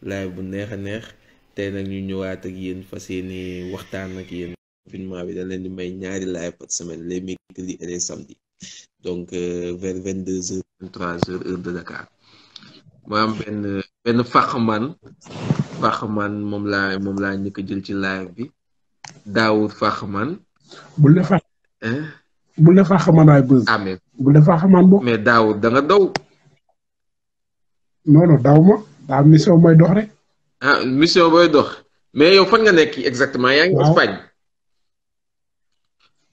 live bu neex a neex tey nag ñu ñëwaat ak yéen fa yéene waxtaan ak yéen confinement bi da leen di may ñaari live par semaine les mercredis et les donc euh, vers vingt deux heures vingt trois heures heure de Dakar ma am benn benn faxamaan faxamaan moom laa moom laa njëkk jël ci live bi Daawud faxamaan bul ne fax bul ne faxamaan ay buzz ah mais bul ne faxamaan boo mais Daawud da daw non daw ma waaw mission mooy dox booy ah, dox mais yow fan nga nekk exactement. yaa ngi Espagne.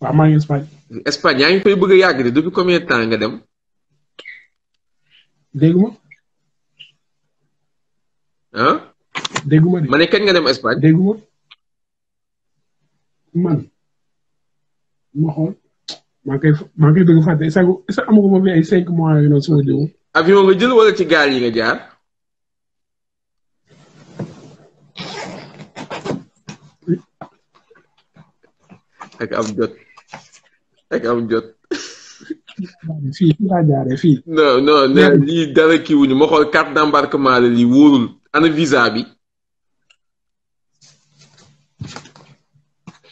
waaw maa ngi Espagne. Espagne yaa ngi fay bëgg a yàgg de depuis combien de nga dem. dégguma. ah. dégguma de. ma ne kañ nga dem Espagne. dégguma man ma xool maa ngi koy maa ngi koy bëgg fàtte est fi ay cinq mois yooyu noonu su ma avion nga jël wala ci gaal yi nga jaar. ak am jot ak am jot. fii fii laa jaaree fii. non non nee lii dara kii wuñu ma xool carte d'embarquement la lii wóorul ana visa bi.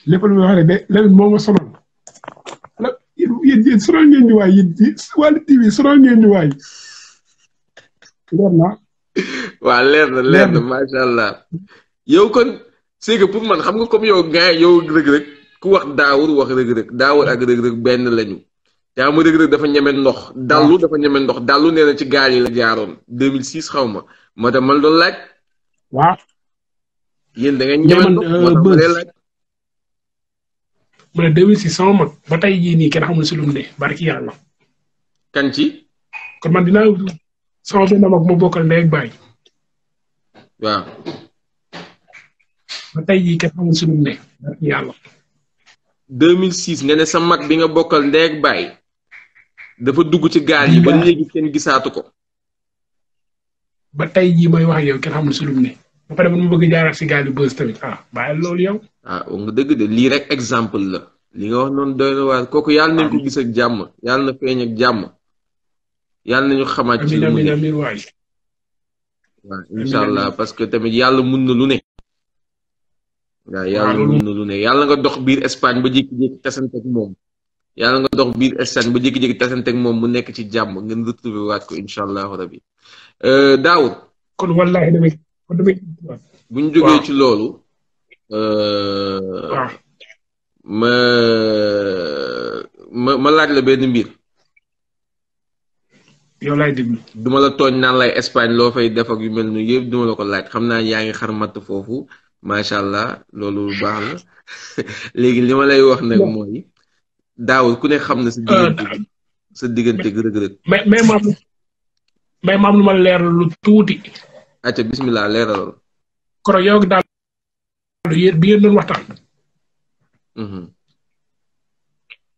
lépp lu ma wax rek de léegi ngeen ñu waay yéen wàllu TV sonal ngeen ñu waay. leer na. waaw leer na leer na macha allah. yow kon c'est pour man xam nga comme yow gars yow rëg-rëg. ku wax daawur wax rëg-rëg daawur ak rëg-rëg benn lañu yaa rëg-rëg dafa ñeme ndox ah. dallu dafa ñeme ndox dallu nee ci gaal yi la jaaroon 2006 xaw ma moo tax man doon da nga ñeme ndox euh, moo ma ne mag ba tey yii nii kenn xamul si lu mu ne barki yàlla kan kon man dinaa sama benn mag ma bokkal ndey baay waaw ba tey jii kenn xamul si ne barki yàlla 2006 nga ne sa mag bi nga bokkal ndeeg bàyyi dafa dugg ci gaal yi ba léegi kenn gisaatu ko. ba tey jii may wax yow kenn xamul si lu bëgg jaaraat si gaal yu ah, loolu yow. Ah, nga dëgg de lii rek exemple la. li nga wax noonu doy na waar kooku yàlla nañ ko ah. gis ak jàmm yàlla na feeñ ak jàmm. yàlla nañu xamaat ci lu mu ne amiin amiin waay. allah parce que tamit yàlla mun na lu ne. waaw yàlla yàlla nga dox biir Espagne ba jékki-jékki tasante ak moom yàlla nga dox biir Espagne ba jékki-jékki tasante ak moom mu nekk ci jàmm ngeen retrouvé waat ko incha allahu rabi euh, Daawud. kon bu ñu jógee ci loolu. Euh, ma ma laaj la benn mbir. yow duma la tooñ naan lay Espagne loo fay def ak yu mel nii yëpp duma la ko laaj xam naa yaa ngi xar matt foofu. macha allah loolu baax na léegi li ma lay wax nag mooy daaw ku ne xam na sa diggante euh, sa diggante rëg-rëg mais maam mais lu ma leer lu tuuti acca bismillah leeralal koro yow daal yéen bi ngeen doon waxtaan mm-hmm.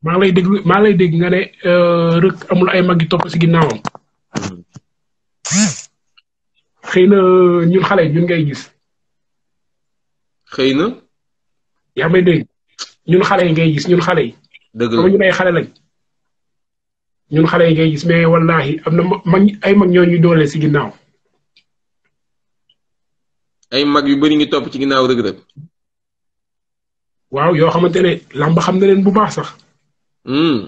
maa ngi lay déglu maa ngi lay dégg nga ne euh, rëg amul ay mag yi topp si ginnaawam mm-hmm. xëy na euh, ñun xale ñun ngay gis xëy na. yaa may dégg ñun xale yi ngay gis ñun xale yi. dëgg la ñu ay xale lañ. ñun xale yi ngay gis mais wallaahi am na mag ay mag ñoo ñu doole si ginnaaw. ay mag yu bëri ngi topp ci ginnaaw Reug Reug. waaw yoo xamante ne làmb xam na leen bu maax sax. Hmm.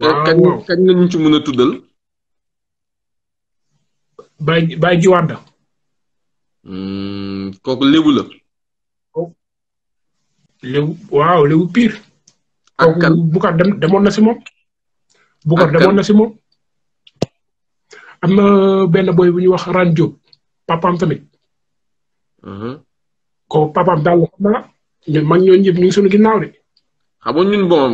waaw kañ kañ la ci mën a tuddal. Baye Baye Jiwanda. Hmm, kook lébu la. lébu waaw lébu pire. ak kan kooku Boucar dem demoon na si moom. Boucar demoon na si moom. am na benn boy bu ñuy wax Ran Diop papaam tamit. Uh-huh. ko papaam daal la xam naa ñu mag ñooñu ñëpp ñu ngi suñu ginnaaw de. xam nga ñun bon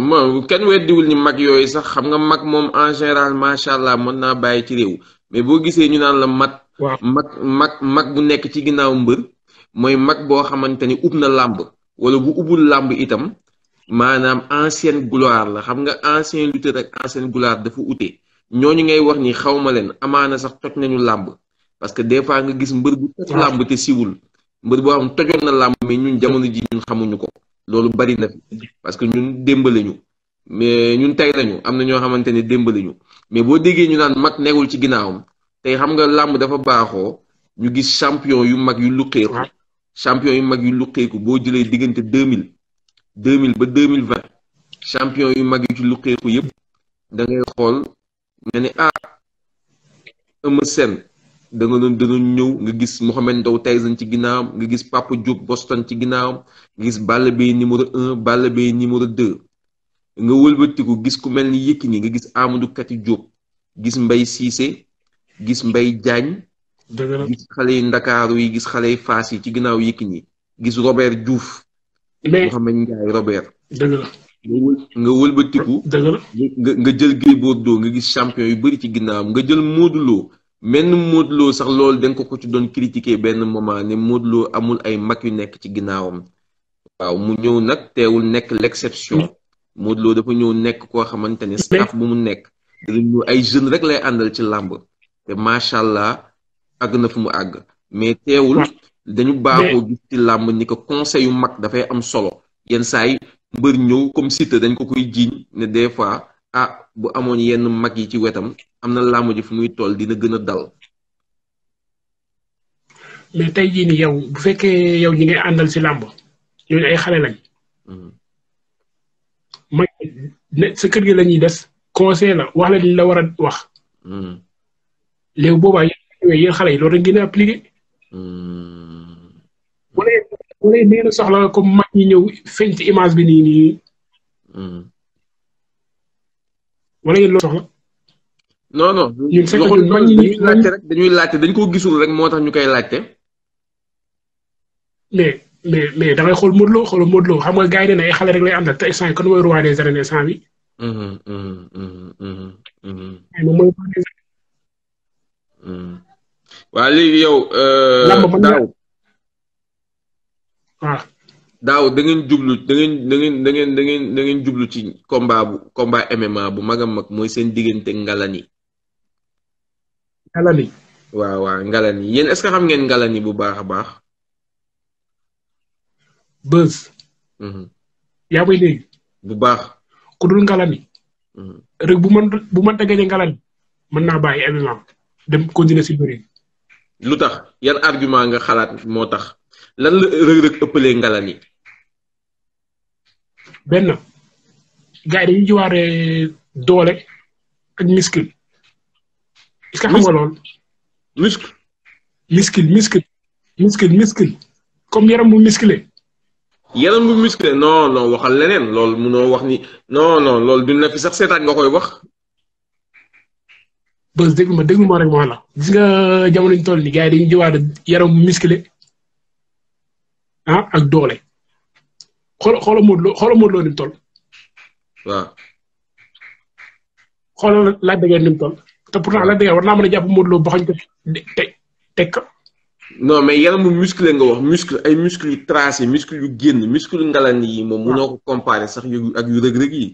kenn weddiwul ni mag yooyu sax xam nga mag moom en général macha allah mën naa bàyyi ci réew mais boo gisee ñu naan la mat. waaw mag mag mag bu nekk ci ginnaaw mbër mooy mag boo xamante ni ub na làmb wala bu ubul làmb itam maanaam ancienne gloire la xam nga ancien lutteur ak ancienne gloire dafa ute ñu ngay wax ni xaw ma leen amaana sax toj nañu làmb parce que des fois nga gis mbër bu toj làmb te siwul mbër boo xam tojoon na làmb mais ñun jamono ji ñun xamuñu ko loolu bari na parce que ñun démbale ñu mais ñun tey lañu am na ñoo xamante ne démbale ñu mais boo déggee ñu naan mag nekkul ci ginnaawam tey xam nga làmb dafa baaxoo ñu gis champion yu mag yu luqeeku champion yu mag yu luqeeku boo jëlee diggante deux mille deux mille ba deux mille vingt champion yu mag yu ci luqeeku yëpp da xool nga ne ah Eumeu Sène da nga doon danoon ñëw nga gis Mohamed Ndao Tyson ci ginnaawam nga gis Papa Diop Boston ci ginnaawam nga gis Balla Gaye numéro un Balla Gaye numéro deux nga wëlbatiku gis ku mel ni Yékini nga gis Amadou Kati Diop gis mbay Cissé gis mbay Diagne. xale yu Ndakaaru yi gis xale yi faas yi ci ginnaaw Yékini gis Robert Diouf. mais Mouhamed Ndiaye Robert. dëgg nga jël Gris Bordeaux nga gis champion yu bëri ci ginnaawam nga jël Modou menn Modou Lo sax loolu da ko ko ci doon critiquer benn moment ne Modou amul ay mag yu nekk ci ginnaawam. waaw mu ñëw nag teewul nekk l'exception. Modou Lo dafa ñëw nekk koo xamante ne staff bu mu nekk. dañu ay jeunes rek lay àndal ci làmb. te macha allah àgg na fu mu àgg mais teewul dañu baaxoo gis ci làmb ni ko conseil yu mag dafay am solo yenn saay yi mbër ñëw comme Siteu dañ ko koy jiiñ ne des fois ah bu amoon yenn mag yi ci wetam am na làmb ji fu muy toll dina gën a dal mais tey jii nii bu fekkee yow ñi ngay àndal si làmb ñooñu ay xale lañ mooy hmm. sa kër gi lañuy des conseil la wax la la war a wax hmm. léegi boobaa yéen xale yi loolu rek ngeen di appliqué. Hmm. wala wala nee soxla comme mag ñi ñëw feeñ bi nii nii. Hmm. wala yéen loolu soxla. non non ñun fekk ñun dañuy laajte dañ koo gisul rek moo tax ñu koy laajte. mais mais mais da ngay xool Modou Lo xool xam nga gars yi xale rek lay àndal te instant yii kon mooy roi des arènes instant bi. Hmm, moom mooy Mm. waa léegi yow. Euh, daaw ah. daaw da ngeen jublu da ngeen da ngeen da da ngeen jublu ci combat bu combat MMA bu mag a mag mooy seen diggante Ngalani. Ngalani. waaw waaw Ngalani yéen est-ce que xam ngeen Ngalani bu baax a baax. Beuz. Mm-hmm. yaa may dégg. bu baax. ku dul Ngalani. Mm-hmm. rek bu ma bu ma déggee Ngalani mën naa bàyyi MMA. dem continuer si bëri. lu tax yan argument nga xalaat moo tax lan la rëg-rëg ëppalee ngalan yi. benn gars yi dañuy jiwaaree eh, doole ak muscle. est-ce que xam nga lool. muscle. muscle muscle. muscle comme yaram bu musclé. yaram bu musclé non non waxal leneen loolu munoo wax ni non non loolu du fi sax seetaan nga koy wax. bës déglu ma déglu ma rek ma la gis nga jamono ñu toll nii gars yi dañuy jiwaat yaram musclé ah, ak doole xool xoolal Modou Lo xoolal mu toll. waaw. xoolal Lac de Guiers ni mu toll te pourtant Lac de Guiers war naa mën a jàpp Modou Lo baxañ ko te teg ko. non mais yaramu musclé nga wax muscle ay muscle yu tracé muscle yu génn muscle ngalan yi moom. waaw ah. munoo ko comparé sax yu ak yu rëg-rëg yi.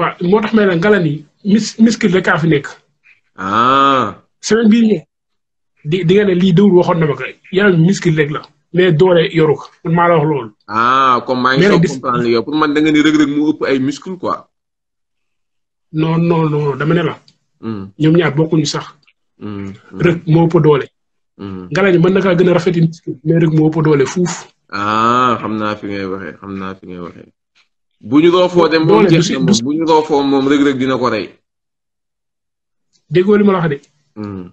waaw moo tax may la Ngalani mis miskil rek kaa fi nekk. ah. semaine bii nii di di nga ne lii dëwul waxoon na ma ko yaram miskil rek la mais doole yoru ko man wax lool ah comme maa ngi soog comprendre yow pour man da nga ni rëg-rëg mu ëpp ay muscle quoi. non non non dama hmm. ñoom ñaar bokkuñu sax. Hmm, hmm. rëg moo ëpp doole. Ngalani mën na kaa gën a rafetlu muscle mais rëg moo ëpp doole fuuf. ah xam naa fi ngay waxee xam naa fi ngay waxee. bu ñu roofoo dem moom jeex na moom bu ñu roofoo moom rëg-rëg dina ko rey. déggoo li ma de. Hmm.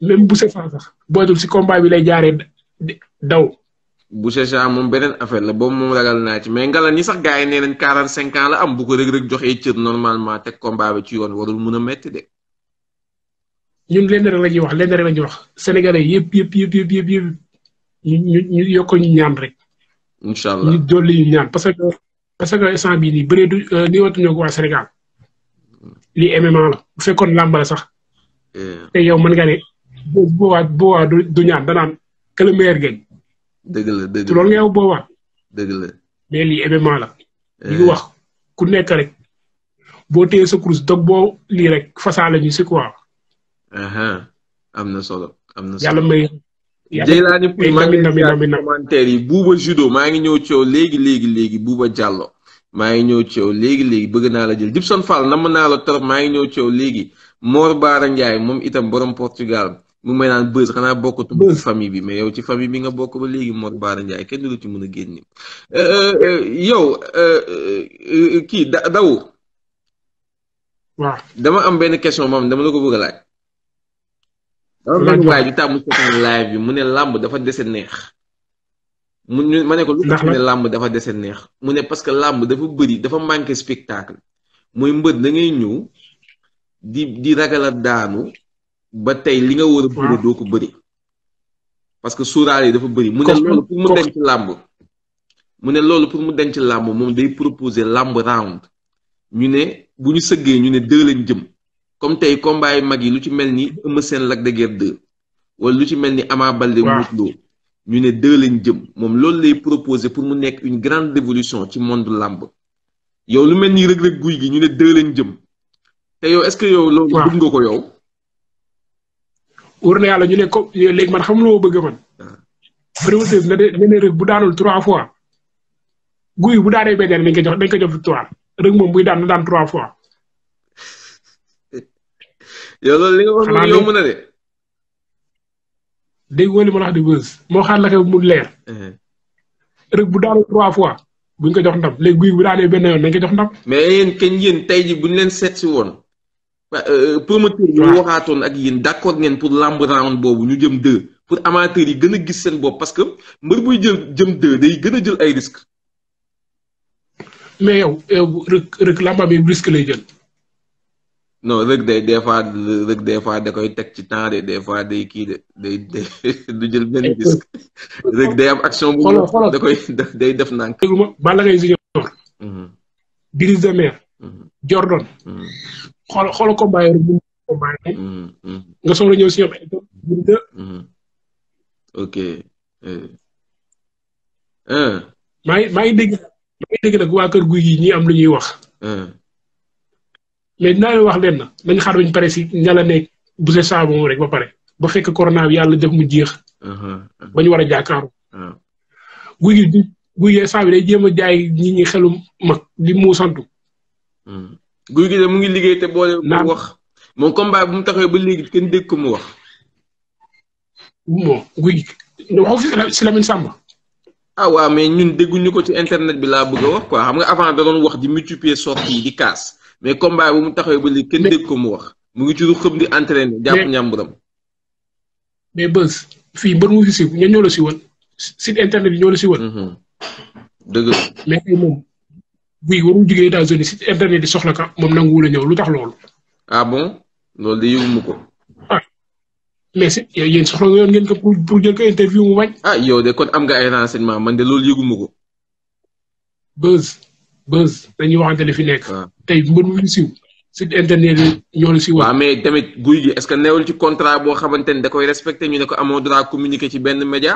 même Boucher Sa sax boo dul si combat bi lay jaaree daw. Boucher Sa moom beneen affaire la boobu moom ragal naa ci mais ngalan ñi sax gaa yi nee nañ quarante cinq ans la am bu ko rëg-rëg joxee normalement teg combat bi ci yoon warul mun a metti de. ñun lenn rek wax lenn rek la wax sénégalais yëpp yëpp yëpp yëpp yëpp ñu ñu ñu yokk ñu ñaan rek. incha allah ñu dolli ñu ñaan parce que. parce que instant bii nii bëree du lii euh, watuñoo ko waa Sénégal lii MMA la bu fekkoon làmb sax. Eh. te yow mën nga ne bu boobaa boobaa du du ñaan danaan que le meilleur nga yow boobaa. dëgg mais lii MMA la. li eh. ñu wax ku nekk rek boo téye sa kurus dog boo rek fasaa la ñu si quoi. am na solo am na Jeylaani Pouy maa ngi leen commentaire yi Bouba Judo maa ngi ñëw ci yow léegi léegi léegi buuba Diallo maa ngi ñëw ci yow léegi léegi bëgg naa la jël Gibson Fall namm naa la trop maa ngi ñëw ci yow léegi Mor Baara Ndiaye moom itam borom Portugal mu may naan bës xanaa bokkatu ci famille bi mais yow ci famille bi nga bokk ba léegi Mor Baara Ndiaye kenn du ci mun a génn. Euh, euh, euh, yow kii da daw. dama am benn question moom dama la ko bëgg a loolu benn waay tàmm seetaan live bi mu ne làmb dafa dese neex. mu ma ne ko làmb dafa dese neex. mu ne parce que làmb dafa bëri dafa manqué spectacle. mooy mbër da ngay ñëw di di ragal a daanu ba tey li nga war a bëri doo ko bëri. parce que suuraale yi dafa bëri. mu ne loolu pour mu denc làmb. mu ne loolu pour mu denc làmb moom day proposer làmb round. ñu ne bu ñu sëggee ñu ne deux lañ jëm. comme tey combat yi mag yi lu ci mel ni Eumeu Sène Lac de Guiers 2 wala lu ci mel ni Ama Baldé Modou ñu ne deux lañ jëm moom loolu lay proposer pour mu nekk une grande révolution ci monde làmb yow lu mel nii rëg-rëg guy gi ñu ne deux leen jëm te yow est-ce que yow loolu bëgg nga ko yow wóor na yàlla ñu ne comme léegi man xam loo bëgg man prévotise na de ne rëg bu daanul trois fois guy bu daanee benn dañ ko jox dañ ko jox victoire rëg buy daan na daan fois yow loolu li nga wax noonu yomb na de. di bës moo xaar la mu leer. Eh. rek bu daanoo trois fois buñ ko jox ndam léegi guy bu daanee benn yoon nañ ko jox ndam. mais yéen kañ yéen tey ji buñ leen seet si woon. Euh, promoteur yi ñu waxaatoon ak yéen d'accord ngeen pour lamb round boobu ñu jëm deux pour amateurs yi gën a gis seen bopp parce que mbër buy jël jëm deux day gën a jël ay risque mais yow yow rek rek lamba bi risque lay jël. non rëg day des fois rëg des fois da koy teg ci temps de des fois day kii de day du jël benn risque rëg day am action bu da koy day def nànk Balla Gaye Junior Brise de Mer Jordan mm-hmm. Mm-hmm. nga soog a ñëw si ñoom mm-hmm. ok eh. Eh. maa ngi maa ngi dégg maa dégg nag waa kër guy yi ñi am lu ñuy wax eh. mais dinaa leen wax leen na nañ xaar bañ pare si ñala ne bu se saabu moom rek ba pare ba fekk corona bi yàlla def mu jeex. Uh-huh, uh-huh. ba ñu war a jàkkaarloo. Uh-huh. guy gi guy gi jéem a jaay nit ñi xelum mag di mu santu. gi de mu ngi liggéey te boole. naa wax moom combat bu mu taxawee ba léegi kenn dégg ko mu wax. bon guy gi waxu fi si Lamine Samba. ah waaw mais ñun dégguñu ko ci internet bi laa bëgg a wax quoi xam nga avant da wax di multiplier sorties yi di kaas. mais combat bu mu taxawee ba léegi kenn dégg ko mu wax mu ngi ci lu xëm di entraîné jàpp ñàmburam. mais bës fii bër mu fi si ña ñoo la si woon site internet yi ñoo la si woon. Mm-hmm. dëgg la mais tey moom buy soxla ka moom nanguwul a ñëw lu tax lool ah bon loolu de yëguma ko. ah mais si yéen soxla yoon ngeen ko pour pour jël ko interview mu bañ. ah yow de kon am nga ay renseignement man de loolu yëguma ko. bës. buzz dañuy waxante li fi nekk. Ah. tey mbër mu fi siiw site internet yi ñoo la siiwal. waaw mais tamit guy gi est-ce que newul ci contrat boo xamante ni da koy respecté ñu ne ko amoo droit communiquer ci benn média.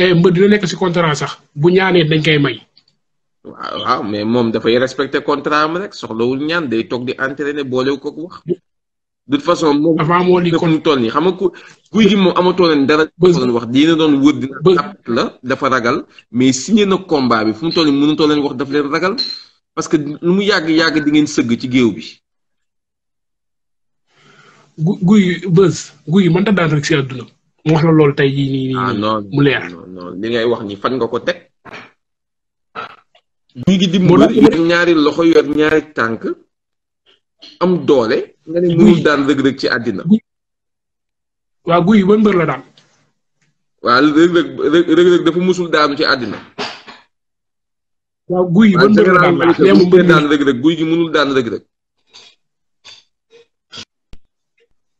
eh mbër dina nekk si contrat sax bu ñaanee dañ koy may. waaw mais moom dafay respecté contrat am rek soxla soxlawul ñaan day toog di entraîner boolewu ko wax. de toute façon moom. avant li kon toll nii xam nga ku guy gi moom amatoo leen dara. doon wax dina doon wër dina. tàpp la dafa ragal. mais signé na combat bi fu mu toll nii mënatoo leen wax daf leen ragal parce que lu mu yàgg yàgg di ngeen sëgg ci géew bi. gu guy bës guy mënta daan rek si àdduna mu wax la loolu tey jii nii nii. Ah, mu leer li ngay wax ni fan nga ko teg. guy gi di mu yor ñaari loxo yor ñaari tànk. am doole. nga ne mënul daan rëg-rëg ci àddina. waaw guy ban mbër la daan. waaw rëg-rëg rëg-rëg dafa musul daanu ci àddina. waaw guy ban mbër la daan daan daan rëg-rëg guy gi mënul daan rëg-rëg.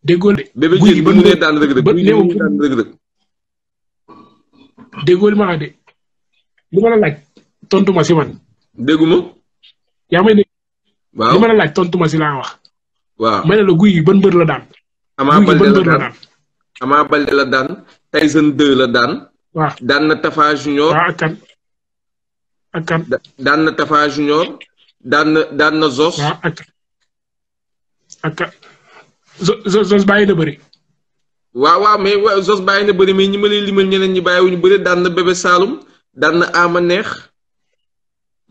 déggoo de bébé jën bu mënee guy gi mënul daan rëg-rëg. déggoo ma de li ma laaj tontu ma si man. déggu waaw li ma la laaj tontu ma si laa waaw ma la guy gi ban mbër la daan. Ama Baldé la daan Ama Baldé la daan. Tyson na Tafa Junior. waaw ak kan ak kan. daan na Tafa Junior. daan na daan na Zos. waaw ak ak Zos Zos bàyyi na bëri. waaw waaw mais waaw Zos bàyyi na bëri mais ñi ma lay limal ñi bàyyiwuñu bëri daan na Bébé Saloum daan na Ama Neex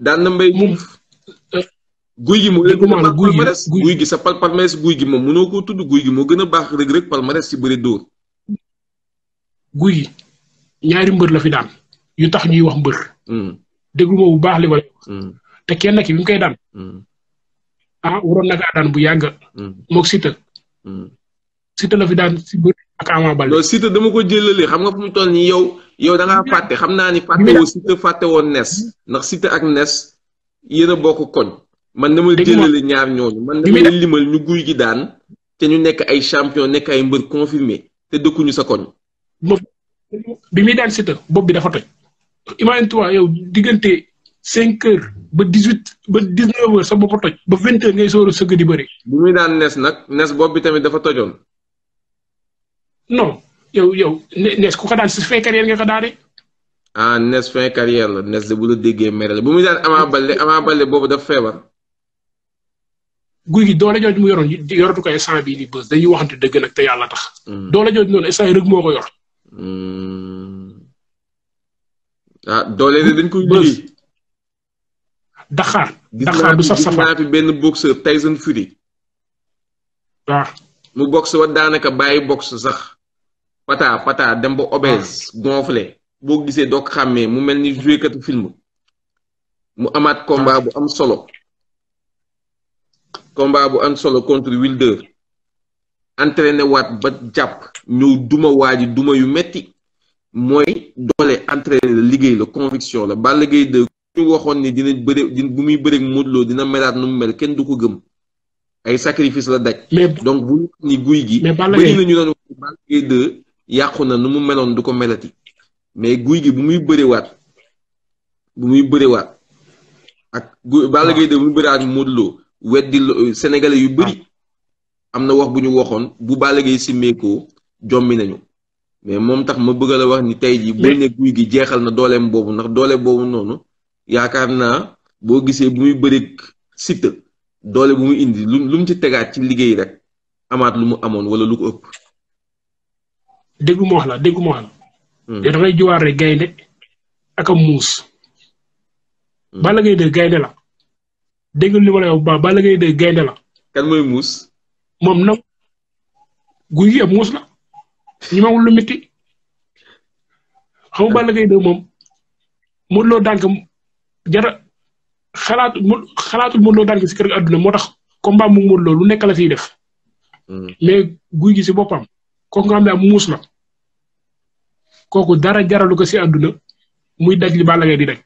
daan na Mbaye Diouf. Euh, guy gi moo ëpp palmarès guy gi sa palmarès guy gi moom mënoo koo tudd guy moo gën a baax rek rek palmarès ci bëri dóor. guy ñaari mbër la fi daan yu tax ñuy wax mbër. Hmm. déglu bu baax li ma lay hmm. te kenn ki bi mu koy daan. Hmm. ah waroon na kaa daan bu yàgg. moog Siteu. Siteu la fi daan si bëri ak Ama Baldé. loolu dama ko jëlale xam nga fu muy toll nii yow yow da ngaa fàtte xam naa ni fàtte woo Siteu fàtte woon Nes ndax Siteu ak Nes yéen a bokk koñ. man dama jëlale ñaar ñooñu man damay limal ñu guy gi daan te ñu nekk ay champion nekk ay mbër confirmé te dëkkuñu sa koñ. bi muy daan Siteu bopp bi dafa toj. imagine toi yow diggante cinq heures ba dix huit ba dix neuf heures sa bopp toj ba vingt heures ngay soor a di bëri. bi muy daan nees nag nees bopp bi tamit dafa tojoon. non yow yow nees ku ko daan si fin carrière nga ko daane. ah nees fin carrière la nees de bu la déggee mer la bu muy daan Ama Baldé Ama Baldé boobu dafa feebar. guy gi doole jooju mu yoroon yoratu ko instant bii di bës dañuy waxante dëgg nag te yàlla tax. Mm. doole jooju noonu instant yi rek moo ko yor. Mm. Ah, doole de dañ koy. bës Dakar. Dakar du saf safa benn boxeur Tyson ah. mu boxe wa daanaka bàyyi boxe sax. pata pata dem ba obèse ah. gonflé boo gisee doo ko xàmmee mu mel ni joué katu film. mu amaat combat bu am solo. combat bu am solo contre Wilder entraîné waat ba jàpp ñëw duma waa ji duma yu metti mooy doole entraîné la liggéey la conviction la Balla Gaye 2 waxoon ni dina bëre bu muy bëreeg Modou dina melaat nu mu mel kenn du ko gëm ay sacrifice la daj. donc bu ni guy gi. bëri na ñu doon Balla Gaye yàqu na nu mu meloon du ko melati mais guy gi bu muy bëriwaat bu muy bëriwaat ak. waaw Balla Gaye 2 bu muy bëriwaat Modou weddi euh, sénégalais yu bëri ah. am na wax bu ñu waxoon bu Balla Gaye simmeekoo jommi nañu mais moom tax ma bëgg la wax ni tey jii bul ne guy gi jeexal na dooleem boobu ndax doole boobu noonu yaakaar naa boo gisee bu muy bëri Siteu doole bu mu indi lu lu mu ci tegaat ci liggéey rek amaat lu mu amoon wala lu ko ëpp. déggu ma wax la déggu ma wax la. yow hmm. da ngay jiwaare gaynde ak a muus. Hmm. Balla Gaye de gaynde la. dégg li ma lay wax bu de gaynde la. kan mooy muus. moom na guy gi ab muus la ñu lu métti xam nga Balla de moom Modou Lo daan ko jara xalaatu mu xalaatul Modou Lo daan ko si kër àdduna moo tax combat mu Modou Lo lu nekk la fiy def. Hmm. mais guy gi si boppam kooku nga xam ne muus la kooku dara jaralu ko si àdduna muy daj li Balla Gaye di daj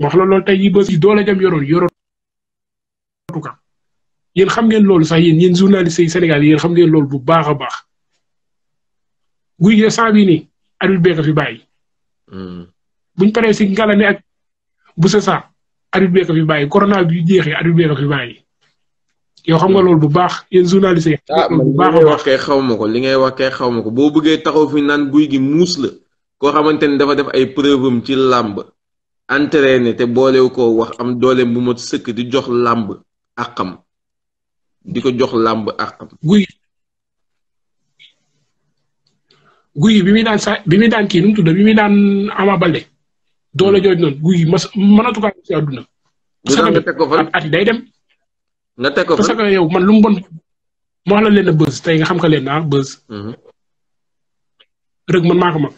wax la loolu tey jii ba si doole jam yoroon yoroon. yéen xam ngeen loolu sax yéen yéen journaliste yi Sénégal xam ngeen loolu bu baax a baax guy gi saa bii nii arbitre bee ko fi bàyyi. Hmm. buñ paree si ngalane ak bu sa saa arbitre bee fi bàyyi corona bi jeexee arbitre bee ko fi bàyyi. yow xam nga hmm. loolu bu baax yéen journaliste yi. Ah, bu baax wax kay xaw ma ko li ngay wax kay xaw ma ko boo bëggee taxaw fi naan guy gi muus la koo xamante ne dafa def ay preuve am ci làmb entraîné te boolewu ko wax am dooleem bu ma sëkk di jox làmb àqam. di ko jox làmb ak guy guy bi muy daan sa bi muy daan kii nu tudd bi muy daan Ama Baldé doole jooju noonu guy mas mënatu kaa aduna àdduna. teg ko at yi day dem. nga teg ko fan parce que yow man lu mu bon leen a bës nga xam ka leen ah bës. Mhm. rëg man maa ko mag.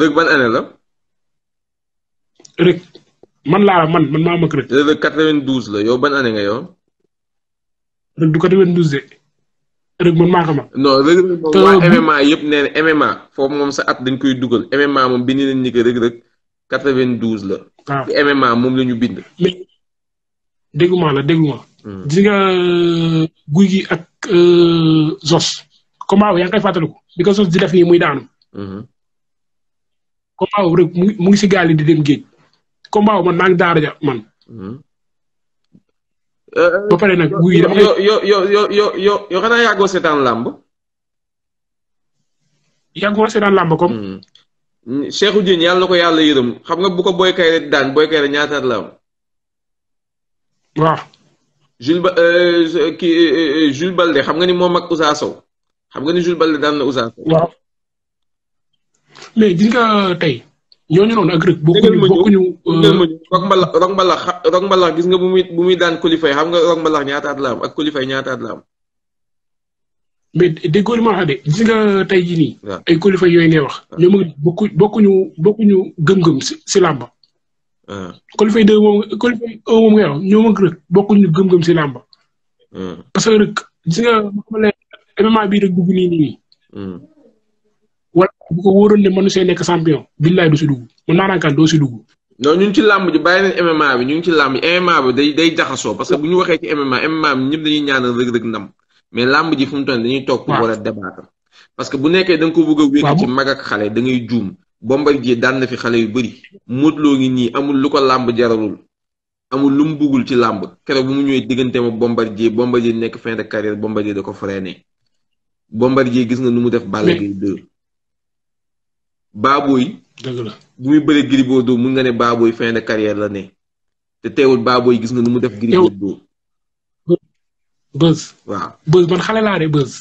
rëg ban année la. rëg man laa man man maa mag rëg. rëg 92 la yow ban année nga yow. rek du ko déwén douze rek man maa ko rëg rëg moom yëpp nee moom sa at dañ koy dugal MMA moom bind nañ ni que rëg rek quatre vingt douze la. Ah. MMA moom lañu bind. mais dégguma la dégguma. Hmm. gis nga euh, guy gi ak sos euh, combat wu yaa ngi koy fàttaliku bi ko Zos di def nii muy daanu. Hmm. combat wu rek mu ngi si gaal yi di dem géej. combat wu man maa daara ja man. Hmm. ba pare nag guy dama yo yo yo yo yo yo xanaa yàggoo seetaan làmb. yàggoo seetaan làmb comme. Hmm. Cheikhou Dieng yàlla na ko yàlla yërëm xam nga bu ko Boy Kayré daan Boy Kayré ñaataat la am. waaw. Jules ba euh, euh, Balde xam nga ni moom ak Ousa Sow xam nga ni Jules Balde daan na Ousa Sow. waaw mais gis tey. ñooñu noonu ak rëg bokkuñu bokkuñu. Euh, rog mbalax rog mbalax rog mbalax gis nga bu muy bu muy daan qualifié xam nga rog mbalax ñaataat la am ak qualifié de gis nga tey jii nii. ay qualifié yooyu ngay wax. ñoom ak bokku bokkuñu bokkuñu gëm-gëm si si làmba. Ah. qualifié deux moom qualifié un moom ngay wax ñoom ak rëg bokkuñu ah. parce que rëg bii rek bu ko wóoroon ne mënu see nekk champion billaay du si dugg mun naa naan doo si dugg. non ñu ngi ci làmb ji bàyyi nañ MMA bi ñu ngi ci làmb ji MMA bi que bu ñu waxee ci MMA MMA bi ñëpp dañuy ñaanal rëg-rëg ndam mais làmb ji fu mu toll dañuy toog. pour war a débattre parce que bu nekkee da ko bëgg a. wékk ci mag ak xale da ngay juum. Bombardier daan na fi xale yu bëri. Modou Lo ngi nii amul lu ko làmb jaralul. amul lu mu bëggul ci làmb keroog bu mu ñëwee diggante ma Bombardier Bombardier nekk fin de carrière Bombardier da ko freiné Bombardier gis nga nu mu def. Balla Gaye Baboy. dëgg la bu muy bëree Gris Bordeaux mun nga ne Baboy fin de carrière la ne te teewul Baboy gis nga nu mu def. Gris Bordeaux bës. waaw bës man xale laa de bës.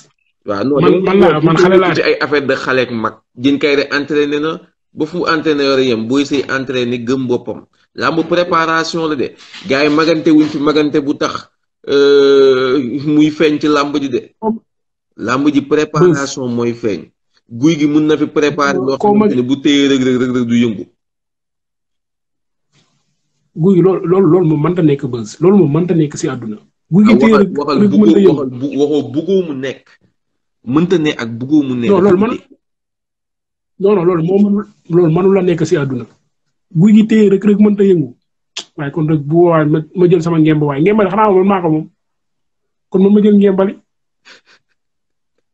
waaw non man man laa man xale de ay affaire de xale mag. jën kay de na ba fu mu entraîné yore yem booy say entraîné gëm boppam làmb préparation la de gars yi magante wuñ fi magante bu tax muy feeñ ci làmb ji de. làmb ji préparation mooy feeñ. guy gi mun na fi préparer. loo bu téye rek rek rek du yëngu. guy loolu loolu mënta nekk bës loolu moom mënta nekk si àdduna. guy gi ah, téye rek waxal waxal mu nekk. mënta ne ak bëggoo mu nekk. non loolu man non mënu la nekk si àdduna. guy gi téye rek rek mënta yëngu. waaye kon rek bu boobaa ma jël sama ngemb waaye ngembali xanaa man maa ko kon man ma jël ngembali.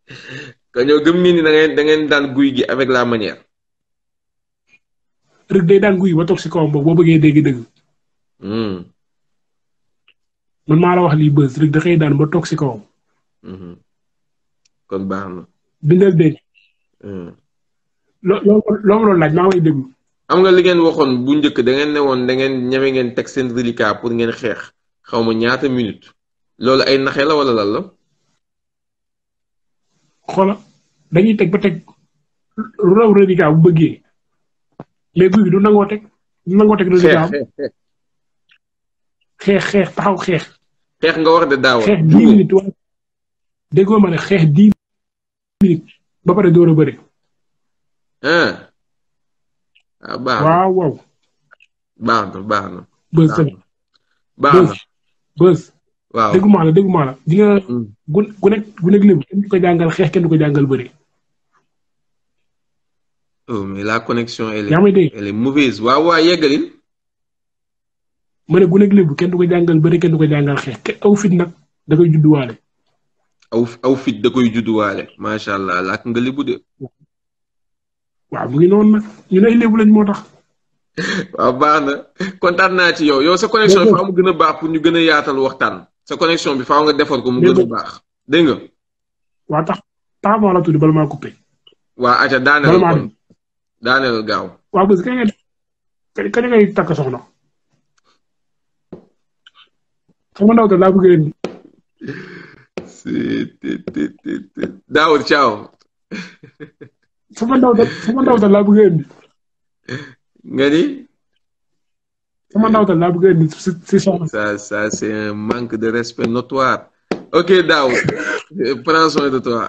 nga ñëw gëm ngeen ni da da ngeen daan guy gi avec la manière. rek day daan guy ba toog si kawam boobu boo bëggee dégg dëgg. Hmm. man maa la wax lii bës rek da koy daan ba toog si kawam. Hmm. kon baax na. bindal dégg. Hmm. loo loo loo laaj maa ngi lay am nga li ngeen waxoon bu njëkk da ngeen ne woon da ngeen ñeme ngeen teg seen reliquat pour ngeen xeex xaw ma ñaata minute loolu ay naxe la wala lan la. xoola dañuy teg ba teg lu raw reliquat bu bëggee mais guy du nangoo teg du nangoo teg reliquat am xeex xeex taxaw xeex. xeex nga war de daaw xeex dix minutes wala ma ne xeex dix minutes ba pare door a bëri. ah baax na waaw waaw. baax na baax na. bës baax na bës waaw déggu maa la déggu maa la di nga. gu mm. gu nekk gu nekk léegi kenn du ko jàngal xeex kenn du ko jàngal bëri. Oh, mais la connexion elle est. yaa mauvaise waaw waaw yeggali. ma gu nekk léegi kenn du ko jàngal bëri kenn du ko jàngal xeex aw fit nag da koy judduwaale. aw aw fit da macha allah laak nga lébu de. waaw mu ngi noonu nag ñu ne léb lañ moo tax. waaw baax na kontaan naa ci yow yow sa connexion fa am gën baax pour ñu gën a yaatal waxtaan. sa connexion bi fa nga defar ko mu gën a baax. dégg nga. waa tax taxaw ma la tuuti bala maa coupé. waa acca daaneel. bala maa daaneel gaaw. waa parce que kañ kañ ngay takk soxna. sama ndaw laa bëgg indi. Daawud ciao. sama ndaw te sama ndaw te laa bëgg indi. nga ni. sama ndawtal laa bëgg a indi si si soxna. ça ça manque de respect notoire. ok Daaw prends soin